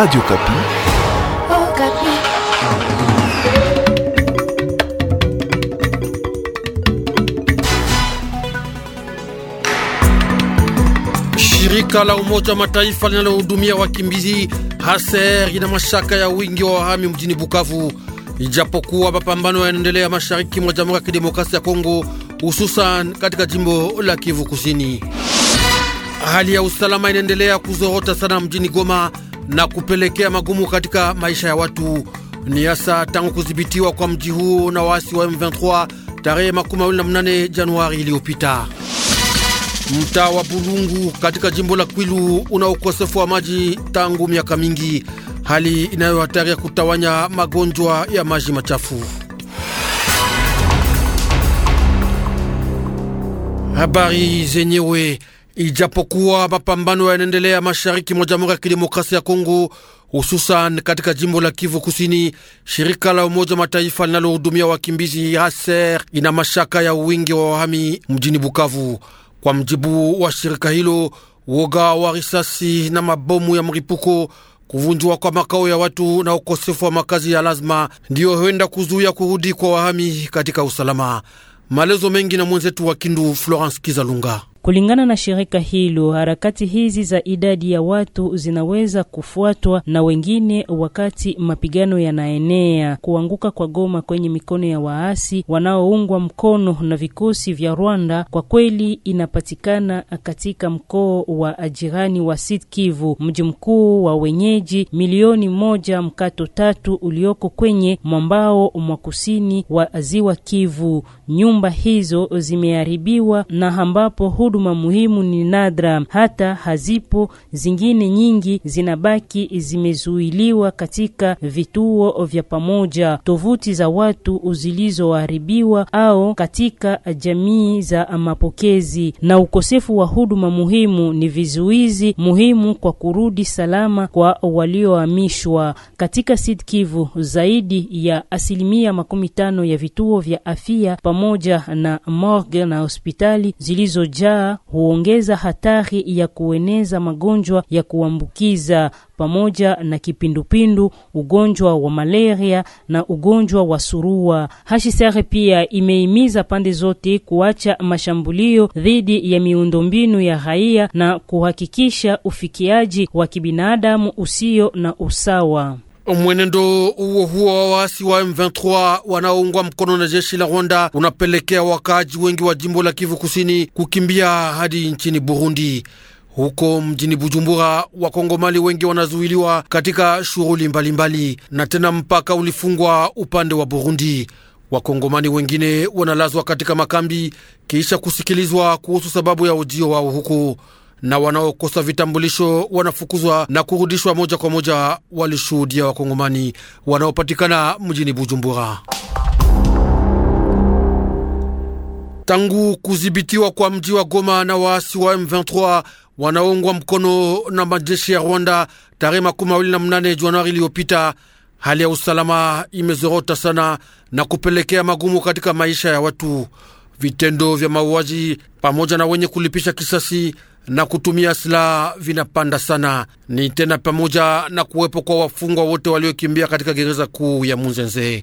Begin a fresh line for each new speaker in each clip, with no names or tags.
Radio Kapi.
Oh, Kapi.
Shirika la Umoja wa Mataifa linalohudumia wakimbizi Haser ina mashaka ya wingi wa wahami mjini Bukavu, ijapokuwa mapambano yanaendelea mashariki mwa Jamhuri ya Kidemokrasia ya Kongo, hususan katika jimbo la Kivu Kusini. Hali ya usalama inaendelea kuzorota sana mjini Goma na kupelekea magumu katika maisha ya watu ni hasa tangu kudhibitiwa kwa mji huo na waasi wa M23 tarehe 28 Januari iliyopita. Mtaa wa Bulungu katika jimbo la Kwilu una ukosefu wa maji tangu miaka mingi, hali inayohataria kutawanya magonjwa ya maji machafu. Habari zenyewe Ijapokuwa mapambano yanaendelea mashariki mwa Jamhuri ya Kidemokrasia ya Kongo, hususan katika jimbo la Kivu Kusini, shirika la Umoja Mataifa linalohudumia wakimbizi haser ina mashaka ya wingi wa wahami mjini Bukavu. Kwa mjibu wa shirika hilo, woga wa risasi na mabomu ya mripuko, kuvunjwa kwa makao ya watu na ukosefu wa makazi ya lazima ndiyo huenda kuzuia kurudi kwa wahami katika usalama. Maelezo mengi na mwenzetu wa Kindu, Florence Kizalunga.
Kulingana na shirika hilo, harakati hizi za idadi ya watu zinaweza kufuatwa na wengine wakati mapigano yanaenea. Kuanguka kwa Goma kwenye mikono ya waasi wanaoungwa mkono na vikosi vya Rwanda kwa kweli inapatikana katika mkoa wa jirani wa Sud Kivu, mji mkuu wa wenyeji milioni moja mkato tatu ulioko kwenye mwambao mwa kusini wa Ziwa Kivu. Nyumba hizo zimeharibiwa na ambapo huduma muhimu ni nadra, hata hazipo. Zingine nyingi zinabaki zimezuiliwa katika vituo vya pamoja, tovuti za watu zilizoharibiwa, au katika jamii za mapokezi. Na ukosefu wa huduma muhimu ni vizuizi muhimu kwa kurudi salama kwa waliohamishwa katika Sud Kivu. Zaidi ya asilimia makumi tano ya vituo vya afya pamoja na morgue na hospitali zilizojaa kadhaa huongeza hatari ya kueneza magonjwa ya kuambukiza pamoja na kipindupindu, ugonjwa wa malaria na ugonjwa wa surua. HCR pia imehimiza pande zote kuacha mashambulio dhidi ya miundombinu ya raia na kuhakikisha ufikiaji wa kibinadamu usio na usawa.
Mwenendo huo huo wa waasi wa M23 wanaoungwa mkono na jeshi la Rwanda unapelekea wakaaji wengi wa jimbo la Kivu Kusini kukimbia hadi nchini Burundi. Huko mjini Bujumbura, wakongomali wengi wanazuiliwa katika shughuli mbalimbali, na tena mpaka ulifungwa upande wa Burundi. Wakongomani wengine wanalazwa katika makambi kisha kusikilizwa kuhusu sababu ya ujio wao huko na wanaokosa vitambulisho wanafukuzwa na kurudishwa moja kwa moja, walishuhudia wakongomani wanaopatikana mjini Bujumbura. Tangu kudhibitiwa kwa mji wa Goma na waasi wa M23 wanaoungwa mkono na majeshi ya Rwanda tarehe makumi mawili na mnane Januari iliyopita, hali ya usalama imezorota sana na kupelekea magumu katika maisha ya watu. Vitendo vya mauaji pamoja na wenye kulipisha kisasi na kutumia silaha vinapanda sana. Ni tena pamoja na kuwepo kwa wafungwa wote waliokimbia katika gereza kuu ya Munzenze.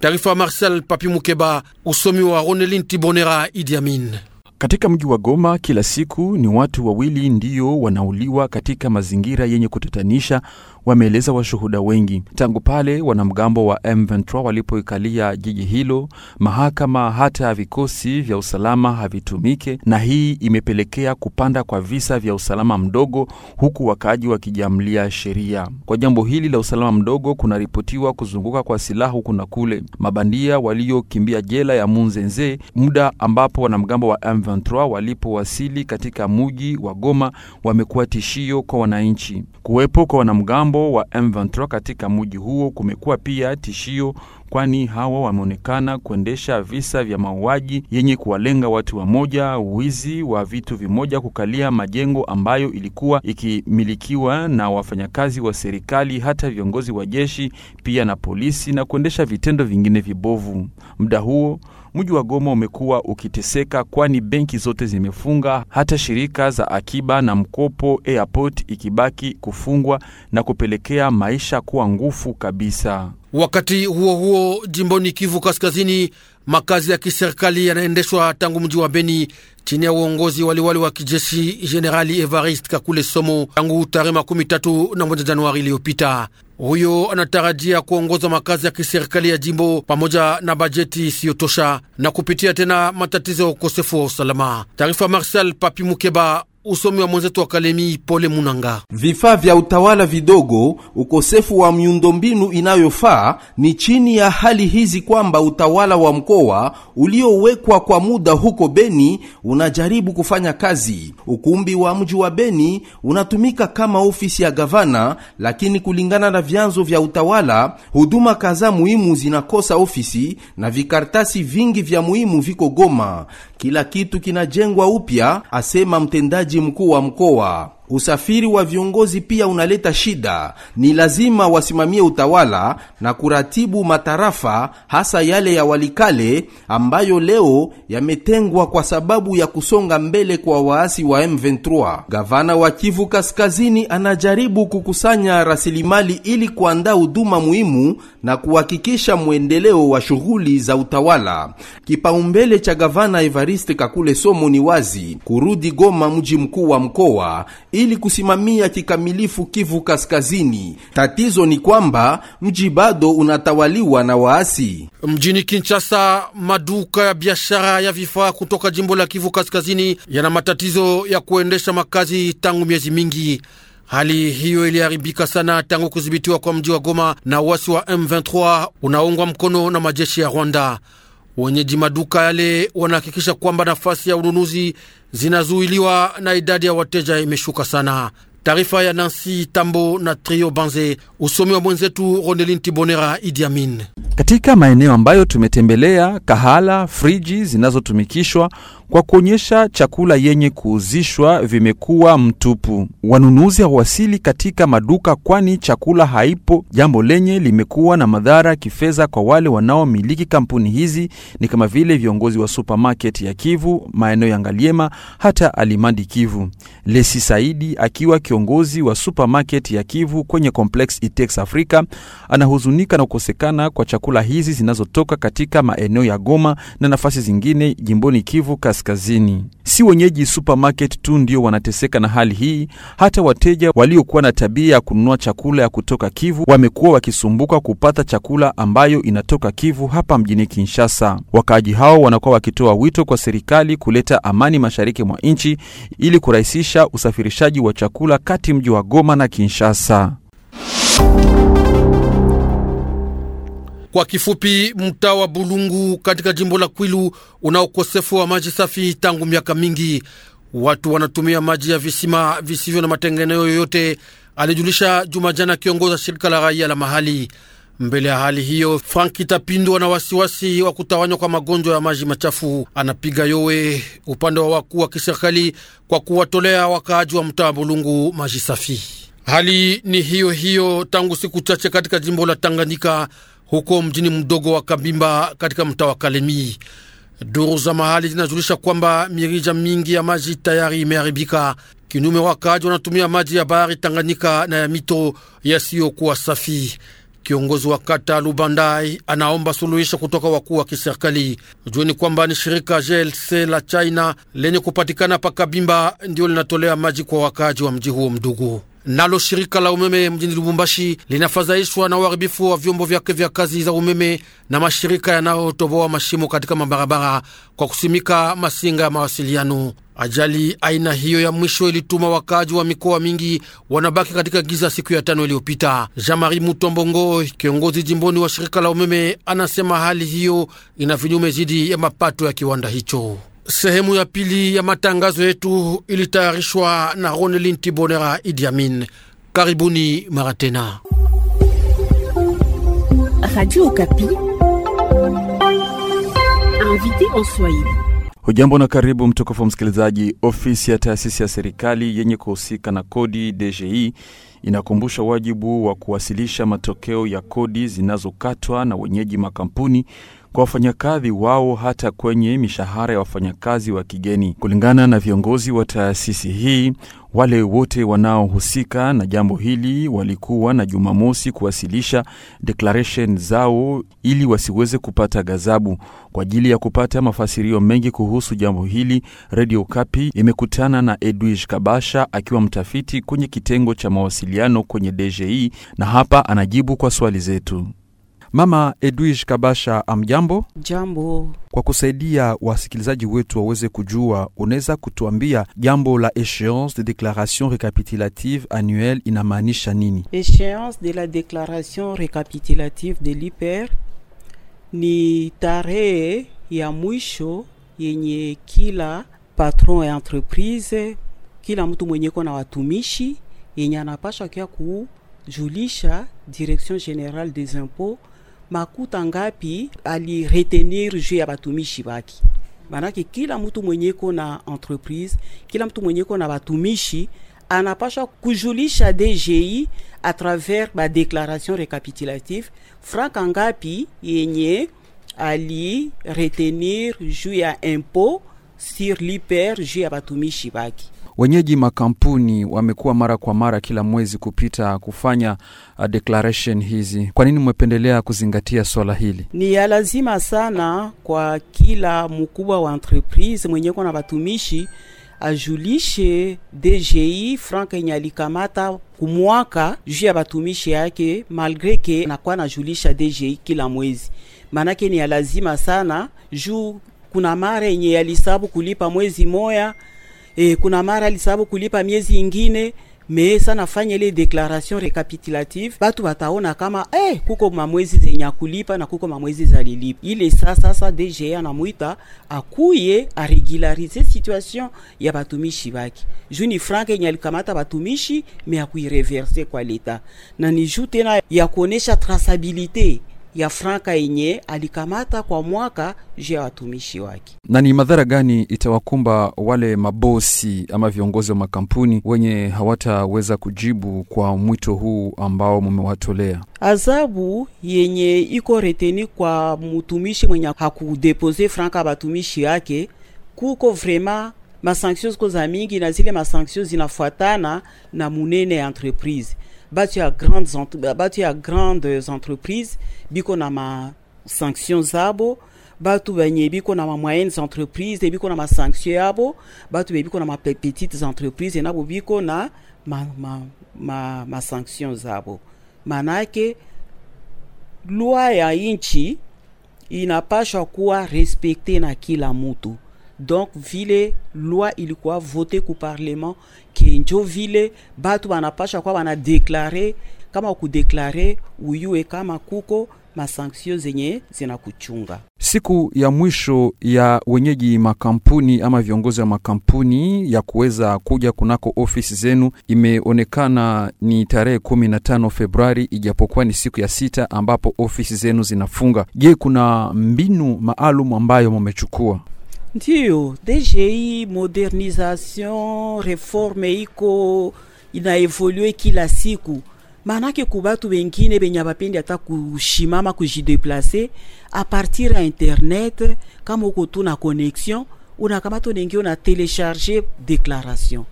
Taarifa Marcel Papi Mukeba, usomi wa Ronelin Tibonera Idi Amin.
Katika mji wa Goma kila siku ni watu wawili ndio wanauliwa katika mazingira yenye kutatanisha wameeleza washuhuda wengi. Tangu pale wanamgambo wa M23 walipoikalia jiji hilo, mahakama hata vikosi vya usalama havitumike, na hii imepelekea kupanda kwa visa vya usalama mdogo, huku wakaaji wakijamlia sheria. Kwa jambo hili la usalama mdogo, kunaripotiwa kuzunguka kwa silaha huku na kule, mabandia waliokimbia jela ya Munzenze muda ambapo wanamgambo wa M23 walipowasili katika muji wa Goma wamekuwa tishio kwa wananchi. Kuwepo kwa wanamgambo wa M23 katika mji huo kumekuwa pia tishio, kwani hawa wameonekana kuendesha visa vya mauaji yenye kuwalenga watu wamoja, wizi wa vitu vimoja, kukalia majengo ambayo ilikuwa ikimilikiwa na wafanyakazi wa serikali, hata viongozi wa jeshi pia na polisi, na kuendesha vitendo vingine vibovu. Muda huo Mji wa Goma umekuwa ukiteseka, kwani benki zote zimefunga, hata shirika za akiba na mkopo airport ikibaki kufungwa na kupelekea maisha kuwa ngufu kabisa.
Wakati huo huo, jimboni Kivu Kaskazini, makazi ya kiserikali yanaendeshwa tangu mji wa Beni chini ya uongozi waliwali wa kijeshi Jenerali Evarist Kakule Somo tangu tarehe makumi tatu na moja Januari iliyopita. Huyo anatarajia kuongoza makazi ya kiserikali ya jimbo pamoja na bajeti isiyotosha na kupitia tena matatizo ya ukosefu wa usalama. Taarifa Marshal Papi Mukeba Usomi wa mwenzetu wa Kalemi Pole Munanga. Vifaa vya
utawala vidogo, ukosefu wa miundombinu inayofaa ni chini ya hali hizi kwamba utawala wa mkoa uliowekwa kwa muda huko Beni unajaribu kufanya kazi. Ukumbi wa mji wa Beni unatumika kama ofisi ya gavana, lakini kulingana na vyanzo vya utawala, huduma kadhaa muhimu zinakosa ofisi na vikartasi vingi vya muhimu viko Goma. Kila kitu kinajengwa upya, asema mtendaji mkuu wa mkoa Usafiri wa viongozi pia unaleta shida. Ni lazima wasimamie utawala na kuratibu matarafa, hasa yale ya Walikale ambayo leo yametengwa kwa sababu ya kusonga mbele kwa waasi wa M23. Gavana wa Kivu Kaskazini anajaribu kukusanya rasilimali ili kuandaa huduma muhimu na kuhakikisha mwendeleo wa shughuli za utawala. Kipaumbele cha gavana Evariste Kakule Somo ni wazi kurudi Goma, mji mkuu wa mkoa ili kusimamia kikamilifu Kivu Kaskazini. Tatizo ni kwamba mji bado unatawaliwa na waasi.
Mjini Kinshasa, maduka ya biashara ya vifaa kutoka jimbo la Kivu Kaskazini yana matatizo ya kuendesha makazi tangu miezi mingi. Hali hiyo iliharibika sana tangu kudhibitiwa kwa mji wa Goma na uasi wa M23 unaungwa mkono na majeshi ya Rwanda. Wenyeji maduka yale wanahakikisha kwamba nafasi ya ununuzi zinazuiliwa na idadi ya wateja imeshuka sana. Taarifa ya Nancy Tambo na Trio Banze, usomi wa mwenzetu Ronelin Tibonera Idi Amin.
Katika maeneo ambayo tumetembelea, kahala friji zinazotumikishwa kwa kuonyesha chakula yenye kuuzishwa vimekuwa mtupu. Wanunuzi hawasili katika maduka, kwani chakula haipo, jambo lenye limekuwa na madhara kifedha kwa wale wanaomiliki kampuni hizi, ni kama vile viongozi wa supermarket ya Kivu, maeneo ya Ngaliema, hata Alimandi Kivu. Lesi Saidi akiwa kiongozi wa supermarket ya Kivu kwenye complex Itex Africa anahuzunika na kukosekana kwa chakula hizi zinazotoka katika maeneo ya Goma na nafasi zingine jimboni Kivu Kaskazini. Si wenyeji supermarket tu ndio wanateseka na hali hii, hata wateja waliokuwa na tabia ya kununua chakula ya kutoka Kivu wamekuwa wakisumbuka kupata chakula ambayo inatoka Kivu hapa mjini Kinshasa. Wakaaji hao wanakuwa wakitoa wito kwa serikali kuleta amani mashariki mwa nchi ili kurahisisha usafirishaji wa chakula kati mji wa Goma na Kinshasa.
Kwa kifupi, mtaa wa Bulungu katika jimbo la Kwilu una ukosefu wa maji safi tangu miaka mingi. Watu wanatumia maji ya visima visivyo na matengenezo yoyote, alijulisha juma jana kiongoza shirika la raia la mahali. Mbele ya hali hiyo, Franki Tapindwa na wasiwasi wa kutawanywa kwa magonjwa ya maji machafu anapiga yowe upande wa wakuu wa kiserikali kwa kuwatolea wakaaji wa mtaa Bulungu maji safi. Hali ni hiyo hiyo tangu siku chache katika jimbo la Tanganyika, huko mjini mdogo wa Kabimba katika mtaa wa Kalemi. Duru za mahali zinajulisha kwamba mirija mingi ya maji tayari imeharibika. Kinyume, wakaaji wanatumia maji ya bahari Tanganyika na ya mito yasiyokuwa safi. Kiongozi wa kata Lubandai anaomba suluhisho kutoka wakuu wa kiserikali. Jueni kwamba ni shirika GLC la China lenye kupatikana Pakabimba ndiyo linatolea maji kwa wakaaji wa mji huo mdugu. Nalo shirika la umeme mjini Lubumbashi linafadhaishwa na uharibifu wa vyombo vyake vya kazi za umeme na mashirika yanayotoboa mashimo katika mabarabara kwa kusimika masinga ya mawasiliano. Ajali aina hiyo ya mwisho ilituma wakaaji wa mikoa mingi wanabaki katika giza siku ya tano iliyopita. Jean-Marie Mutombongo, kiongozi jimboni wa shirika la umeme, anasema hali hiyo ina vinyume zidi ya mapato ya kiwanda hicho. Sehemu ya pili ya matangazo yetu ilitayarishwa na Ronelin Tibonera Idi Amin. Karibuni mara tena.
Radio Okapi
invité en Swahili
ujambo na karibu mtukufu msikilizaji. Ofisi ya taasisi ya serikali yenye kuhusika na kodi DGI e, inakumbusha wajibu wa kuwasilisha matokeo ya kodi zinazokatwa na wenyeji makampuni kwa wafanyakazi wao hata kwenye mishahara ya wafanyakazi wa kigeni. Kulingana na viongozi wa taasisi hii, wale wote wanaohusika na jambo hili walikuwa na Jumamosi kuwasilisha declaration zao ili wasiweze kupata gazabu. Kwa ajili ya kupata mafasirio mengi kuhusu jambo hili, Radio Kapi imekutana na Edwige Kabasha akiwa mtafiti kwenye kitengo cha mawasiliano kwenye DGI na hapa anajibu kwa swali zetu. Mama Edwige Kabasha, amjambo. Jambo. Kwa kusaidia wasikilizaji wetu waweze kujua, unaweza kutuambia jambo la échéance de déclaration récapitulative annuelle inamaanisha nini?
Échéance de la déclaration récapitulative de l'IPER ni tarehe ya mwisho yenye kila patron ya entreprise, kila mtu mwenyeko na watumishi yenye anapashwa kia kujulisha direction générale des impôts makuta ngapi aliretenir juu ya batumishi baki manake kila mtu mwenye ko na entreprise, kila mtu mwenye ko na batumishi anapasha kujulisha DGI a travers ba declaration recapitulative franka ngapi yenye ali retenir juu ya impôt sur liper juu ya batumishi baki
Wenyeji makampuni wamekuwa mara kwa mara kila mwezi kupita kufanya uh, declaration hizi. Kwa nini mmependelea kuzingatia swala hili?
Ni ya lazima sana kwa kila mkubwa wa entreprise mwenye kona watumishi ajulishe DGI Frank yenye alikamata kumwaka juu ya batumishi yake, malgre ke nakwa najulisha DGI kila mwezi. Maanake ni ya lazima sana juu kuna mara yenye yalisabu kulipa mwezi moya e, kuna mara alisababu kulipa miezi ingine me nafanya ile declaration recapitulative, batu bataona kama eh, kuko mamwezi zenye akulipa na kuko mamwezi zalilipa. Ile sasasa dge anamwita akuye aregularize situation ya batumishi baki juni frank enye alikamata batumishi me akuireverse kwa leta, na ni juu tena ya kuonesha traçabilité ya franka yenye alikamata kwa mwaka juu ya watumishi wake.
Na ni madhara gani itawakumba wale mabosi ama viongozi wa makampuni wenye hawataweza kujibu kwa mwito huu ambao mumewatolea?
Adhabu yenye iko reteni kwa mtumishi mwenye hakudepose franka batumishi yake, kuko vrema masanksio ziko za mingi, na zile masanksio zinafuatana na munene ya entreprise batu à grandes, à grandes entreprises, biko na ma sanction zabo, batu benye biko na ma moyennes entreprises, biko na ma sanction yabo, batu biko na ma petites entreprises, et nabo biko na ma, ma, ma, ma sanction zabo. Manake, loi ya inchi inapashwa kuwa respecté na kila mutu donc vile loi quoi voté ku parlement kenjo vile batu banapasha kwa banadeklare kama kudeklare uyue kama kuko masanktio zenye zinakuchunga.
Siku ya mwisho ya wenyeji makampuni ama viongozi wa makampuni ya kuweza kuja kunako ofisi zenu imeonekana ni tarehe kumi na tano Februari, ijapokuwa ni siku ya sita ambapo ofisi zenu zinafunga. Je, kuna mbinu maalum ambayo mmechukua?
Ndiyo, DGI modernisation reforme iko inaevolue kila siku, maanake kubatu wengine benye habapendi hata kushimama kujideplace a partir ya internet. Kama uko tu na connexion, unakamata unaingia una telecharge déclaration,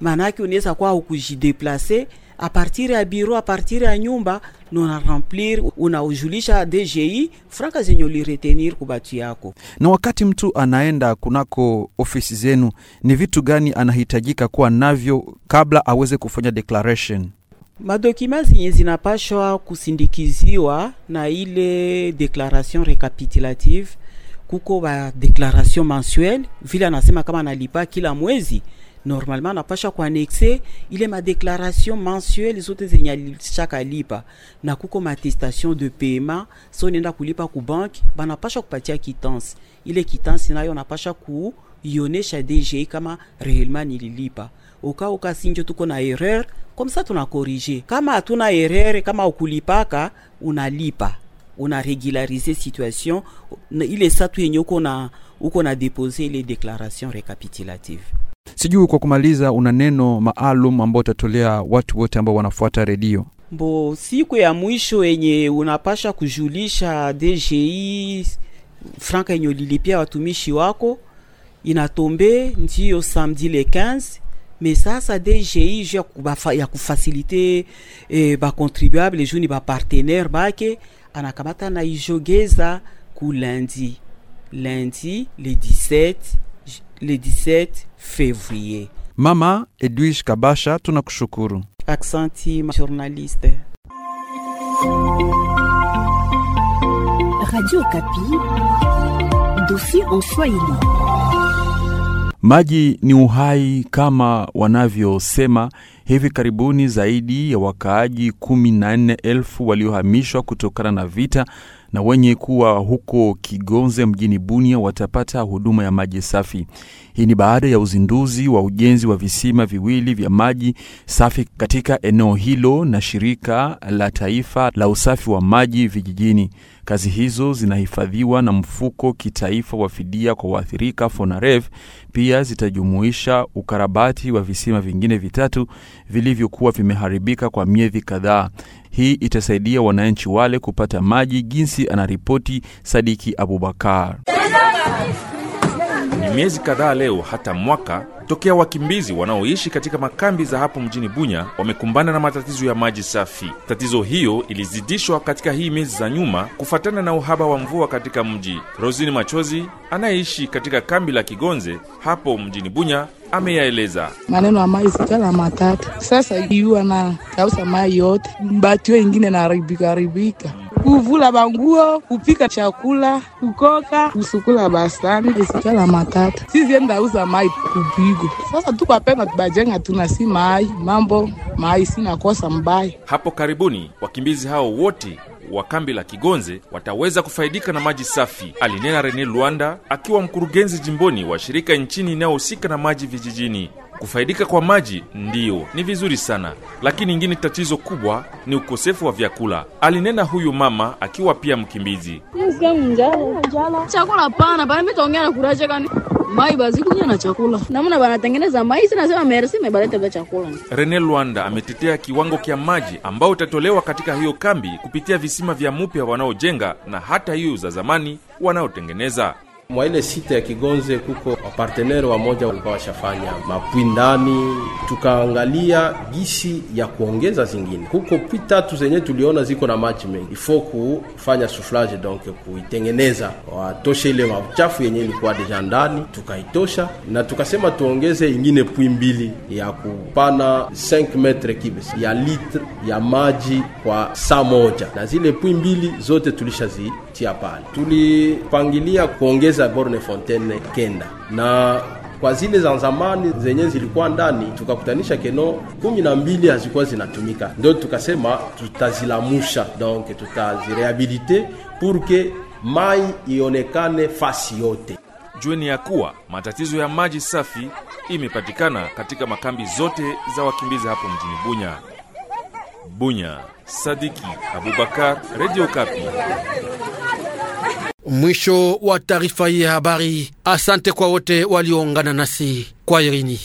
maanake unaweza kwa ukujideplace apartiri ya biro partir ya nyumba nona remplir unaujulisha DGI franka zenye uliretenir kubatu yako.
Na wakati mtu anaenda kunako ofisi zenu, ni vitu gani anahitajika kuwa navyo kabla aweze kufanya declaration?
Madokima zenye zinapashwa kusindikiziwa na ile declaration recapitulative, kuko ba declaration mensuelle vile anasema kama analipa kila mwezi Normalement, Il est ile déclaration mensuelle zote zenye alishaka alipa na kuko attestation de paiement. So nenda kulipa ku banki, banapasha kupatia kitansi. Ile kitansi nayo napasha kuionesha DG kama réellement nililipa. Oka oka sinjo tuko na erreur, comme ça tunakorije. Kama hatuna erreur, kama ukulipaka unalipa una régulariser situation ile satu yenye uko na uko na déposer les déclarations récapitulatives
sijui kwa kumaliza una neno maalum ambao utatolea watu wote ambao wanafuata redio
mbo siku ya mwisho yenye unapasha kujulisha dgi franka yenye ulilipia watumishi wako inatombe ndiyo samedi le 15 me sasa dji ju ya kufasilite eh, bacontribuable juni bapartenaire bake anakamata na ijogeza ku lundi lundi le 17 le 17 février.
Mama Edwige Kabasha, tunakushukuru.
Aksanti journaliste. Radio
Kapi, dossier en Swahili.
Maji ni uhai kama wanavyosema. Hivi karibuni zaidi ya wakaaji 14,000 waliohamishwa kutokana na vita na wenye kuwa huko Kigonze mjini Bunia watapata huduma ya maji safi. Hii ni baada ya uzinduzi wa ujenzi wa visima viwili vya maji safi katika eneo hilo na shirika la taifa la usafi wa maji vijijini. Kazi hizo zinahifadhiwa na mfuko kitaifa wa fidia kwa waathirika FONAREV. Pia zitajumuisha ukarabati wa visima vingine vitatu vilivyokuwa vimeharibika kwa miezi kadhaa. Hii itasaidia wananchi wale kupata maji, jinsi anaripoti
Sadiki Abubakar. Ni miezi kadhaa leo hata mwaka tokea wakimbizi wanaoishi katika makambi za hapo mjini Bunya wamekumbana na matatizo ya maji safi. Tatizo hiyo ilizidishwa katika hii miezi za nyuma kufatana na uhaba wa mvua katika mji. Rosini Machozi anayeishi katika kambi la Kigonze hapo mjini Bunya ameyaeleza
maneno ya maji sikala matata sasa iwa na kausa mai
yote batio ingine na haribika kuvula banguo, kupika chakula, kukoka, kusukula basani la matata. Sisi enda uza mai kupigo. Sasa tukwapenda tubajenga tuna si mai, mambo mai sina kosa mbaya.
Hapo karibuni wakimbizi hao wote wa kambi la Kigonze wataweza kufaidika na maji safi, alinena Rene Luanda akiwa mkurugenzi jimboni wa shirika nchini inayohusika na maji vijijini. Kufaidika kwa maji ndiyo ni vizuri sana, lakini ingine tatizo kubwa ni ukosefu wa vyakula, alinena huyu mama akiwa pia mkimbizi.
Chakula pana bana, na kuraje kani mai na chakula namna banatengeneza mai merci chakula.
Rene Lwanda ametetea kiwango kya maji ambao utatolewa katika hiyo kambi kupitia visima vya mupya wanaojenga na hata hiyo za zamani
wanaotengeneza mwa ile site ya Kigonze kuko wapartenere wamoja walikuwa washafanya mapwi ndani, tukaangalia gisi ya kuongeza zingine. Kuko pwi tatu zenye tuliona ziko na maji mengi, ifo kufanya soufflage, donc kuitengeneza, watoshe ile mauchafu yenye ilikuwa deja ndani, tukaitosha na tukasema tuongeze ingine pwi mbili ya kupana 5 metre kibes ya litre ya maji kwa saa moja, na zile pwi mbili zote tulishazitia pale, tulipangilia kuongeza za Borne Fontaine kenda na kwa zile za zamani zenye zilikuwa ndani tukakutanisha keno kumi na mbili hazikuwa zinatumika, ndio tukasema tutazilamusha, donc tutazirehabilite purke mai ionekane fasi yote. Jueni ya kuwa matatizo ya maji safi
imepatikana katika makambi zote za wakimbizi hapo mjini Bunya. Bunya, Sadiki Abubakar, Radio Kapi.
Mwisho wa taarifa hii ya habari. Asante kwa wote walioungana nasi kwa Irini.